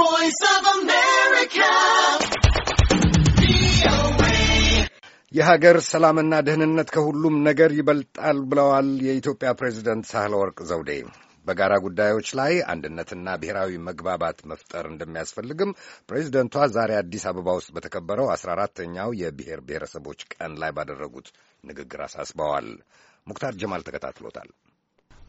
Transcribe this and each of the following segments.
voice of America. የሀገር ሰላምና ደህንነት ከሁሉም ነገር ይበልጣል ብለዋል የኢትዮጵያ ፕሬዚደንት ሳህለ ወርቅ ዘውዴ። በጋራ ጉዳዮች ላይ አንድነትና ብሔራዊ መግባባት መፍጠር እንደሚያስፈልግም ፕሬዚደንቷ ዛሬ አዲስ አበባ ውስጥ በተከበረው አስራ አራተኛው የብሔር ብሔረሰቦች ቀን ላይ ባደረጉት ንግግር አሳስበዋል። ሙክታር ጀማል ተከታትሎታል።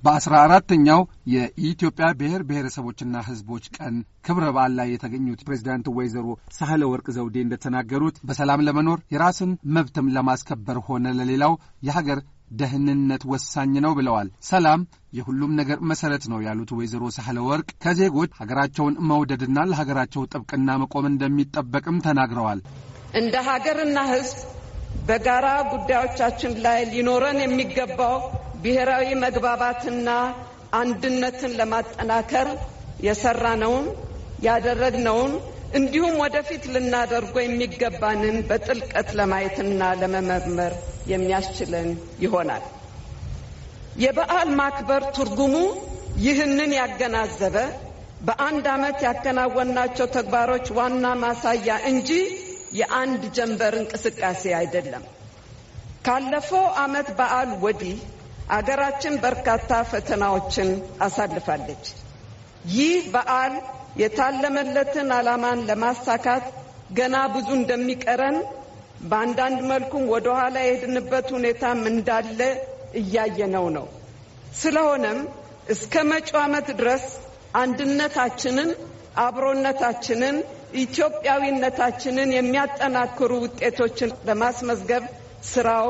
በአስራ አራተኛው የኢትዮጵያ ብሔር ብሔረሰቦችና ሕዝቦች ቀን ክብረ በዓል ላይ የተገኙት ፕሬዚዳንት ወይዘሮ ሳህለ ወርቅ ዘውዴ እንደተናገሩት በሰላም ለመኖር የራስን መብትም ለማስከበር ሆነ ለሌላው የሀገር ደህንነት ወሳኝ ነው ብለዋል። ሰላም የሁሉም ነገር መሰረት ነው ያሉት ወይዘሮ ሳህለ ወርቅ ከዜጎች ሀገራቸውን መውደድና ለሀገራቸው ጥብቅና መቆም እንደሚጠበቅም ተናግረዋል። እንደ ሀገርና ሕዝብ በጋራ ጉዳዮቻችን ላይ ሊኖረን የሚገባው ብሔራዊ መግባባትና አንድነትን ለማጠናከር የሰራነውን ያደረግነውን እንዲሁም ወደፊት ልናደርጎ የሚገባንን በጥልቀት ለማየትና ለመመርመር የሚያስችለን ይሆናል። የበዓል ማክበር ትርጉሙ ይህንን ያገናዘበ በአንድ ዓመት ያከናወናቸው ተግባሮች ዋና ማሳያ እንጂ የአንድ ጀንበር እንቅስቃሴ አይደለም። ካለፈው ዓመት በዓል ወዲህ አገራችን በርካታ ፈተናዎችን አሳልፋለች። ይህ በዓል የታለመለትን ዓላማን ለማሳካት ገና ብዙ እንደሚቀረን በአንዳንድ መልኩም ወደ ኋላ የሄድንበት ሁኔታም እንዳለ እያየነው ነው። ስለሆነም እስከ መጪው ዓመት ድረስ አንድነታችንን፣ አብሮነታችንን፣ ኢትዮጵያዊነታችንን የሚያጠናክሩ ውጤቶችን ለማስመዝገብ ስራው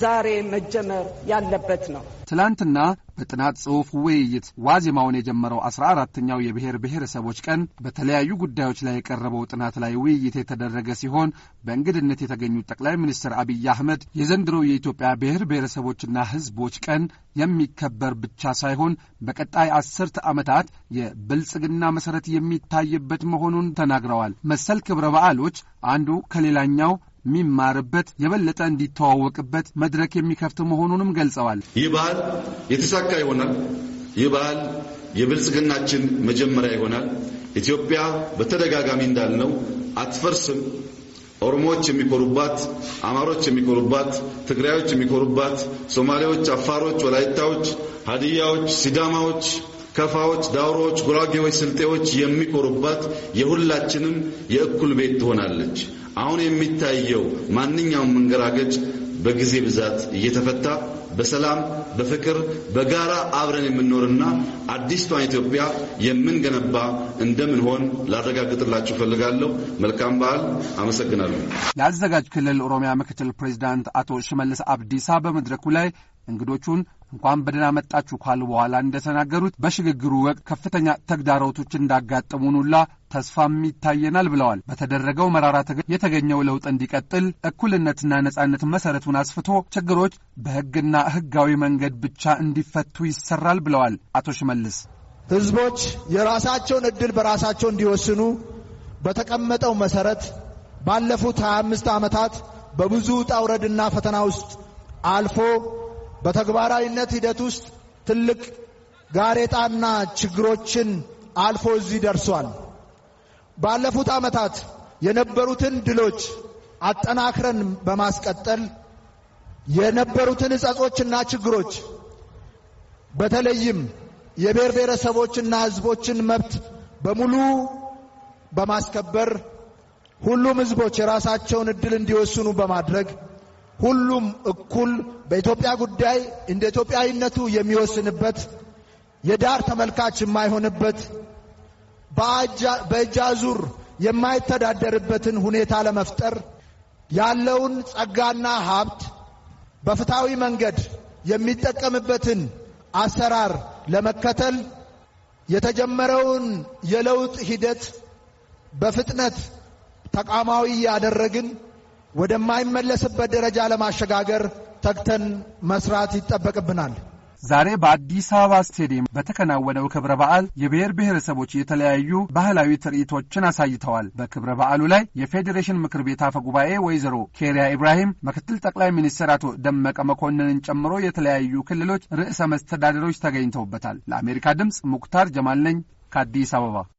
ዛሬ መጀመር ያለበት ነው። ትላንትና በጥናት ጽሑፍ ውይይት ዋዜማውን የጀመረው አስራ አራተኛው የብሔር ብሔረሰቦች ቀን በተለያዩ ጉዳዮች ላይ የቀረበው ጥናት ላይ ውይይት የተደረገ ሲሆን በእንግድነት የተገኙት ጠቅላይ ሚኒስትር አብይ አህመድ የዘንድሮ የኢትዮጵያ ብሔር ብሔረሰቦችና ሕዝቦች ቀን የሚከበር ብቻ ሳይሆን በቀጣይ አስርተ ዓመታት የብልጽግና መሰረት የሚታይበት መሆኑን ተናግረዋል። መሰል ክብረ በዓሎች አንዱ ከሌላኛው የሚማርበት የበለጠ እንዲተዋወቅበት መድረክ የሚከፍት መሆኑንም ገልጸዋል። ይህ ባህል የተሳካ ይሆናል። ይህ ባህል የብልጽግናችን መጀመሪያ ይሆናል። ኢትዮጵያ በተደጋጋሚ እንዳልነው አትፈርስም። ኦሮሞዎች የሚኮሩባት፣ አማሮች የሚኮሩባት፣ ትግራዮች የሚኮሩባት፣ ሶማሌዎች፣ አፋሮች፣ ወላይታዎች፣ ሀዲያዎች፣ ሲዳማዎች ከፋዎች፣ ዳውሮዎች፣ ጉራጌዎች፣ ስልጤዎች የሚኮሩባት የሁላችንም የእኩል ቤት ትሆናለች። አሁን የሚታየው ማንኛውም መንገራገጭ በጊዜ ብዛት እየተፈታ በሰላም በፍቅር በጋራ አብረን የምንኖርና አዲስቷን ኢትዮጵያ የምንገነባ እንደምንሆን ላረጋግጥላችሁ ፈልጋለሁ። መልካም በዓል። አመሰግናለሁ። የአዘጋጅ ክልል ኦሮሚያ ምክትል ፕሬዚዳንት አቶ ሽመልስ አብዲሳ በመድረኩ ላይ እንግዶቹን እንኳን በደህና መጣችሁ ካሉ በኋላ እንደተናገሩት በሽግግሩ ወቅት ከፍተኛ ተግዳሮቶች እንዳጋጠሙን ሁላ ተስፋም ይታየናል ብለዋል። በተደረገው መራራ ትግል የተገኘው ለውጥ እንዲቀጥል እኩልነትና ነጻነት መሰረቱን አስፍቶ ችግሮች በህግና ህጋዊ መንገድ ብቻ እንዲፈቱ ይሰራል ብለዋል አቶ ሽመልስ። ህዝቦች የራሳቸውን ዕድል በራሳቸው እንዲወስኑ በተቀመጠው መሰረት ባለፉት 25 ዓመታት በብዙ ጣውረድና ፈተና ውስጥ አልፎ በተግባራዊነት ሂደት ውስጥ ትልቅ ጋሬጣና ችግሮችን አልፎ እዚህ ደርሷል። ባለፉት ዓመታት የነበሩትን ድሎች አጠናክረን በማስቀጠል የነበሩትን እጸጾችና ችግሮች በተለይም የብሔር ብሔረሰቦችና ሕዝቦችን መብት በሙሉ በማስከበር ሁሉም ሕዝቦች የራሳቸውን እድል እንዲወስኑ በማድረግ ሁሉም እኩል በኢትዮጵያ ጉዳይ እንደ ኢትዮጵያዊነቱ የሚወስንበት የዳር ተመልካች የማይሆንበት በእጃዙር የማይተዳደርበትን ሁኔታ ለመፍጠር ያለውን ጸጋና ሀብት በፍትሐዊ መንገድ የሚጠቀምበትን አሰራር ለመከተል የተጀመረውን የለውጥ ሂደት በፍጥነት ተቋማዊ ያደረግን ወደማይመለስበት ደረጃ ለማሸጋገር ተግተን መስራት ይጠበቅብናል። ዛሬ በአዲስ አበባ ስቴዲየም በተከናወነው ክብረ በዓል የብሔር ብሔረሰቦች የተለያዩ ባህላዊ ትርኢቶችን አሳይተዋል። በክብረ በዓሉ ላይ የፌዴሬሽን ምክር ቤት አፈ ጉባኤ ወይዘሮ ኬሪያ ኢብራሂም፣ ምክትል ጠቅላይ ሚኒስትር አቶ ደመቀ መኮንንን ጨምሮ የተለያዩ ክልሎች ርዕሰ መስተዳደሮች ተገኝተውበታል። ለአሜሪካ ድምፅ ሙክታር ጀማል ነኝ ከአዲስ አበባ።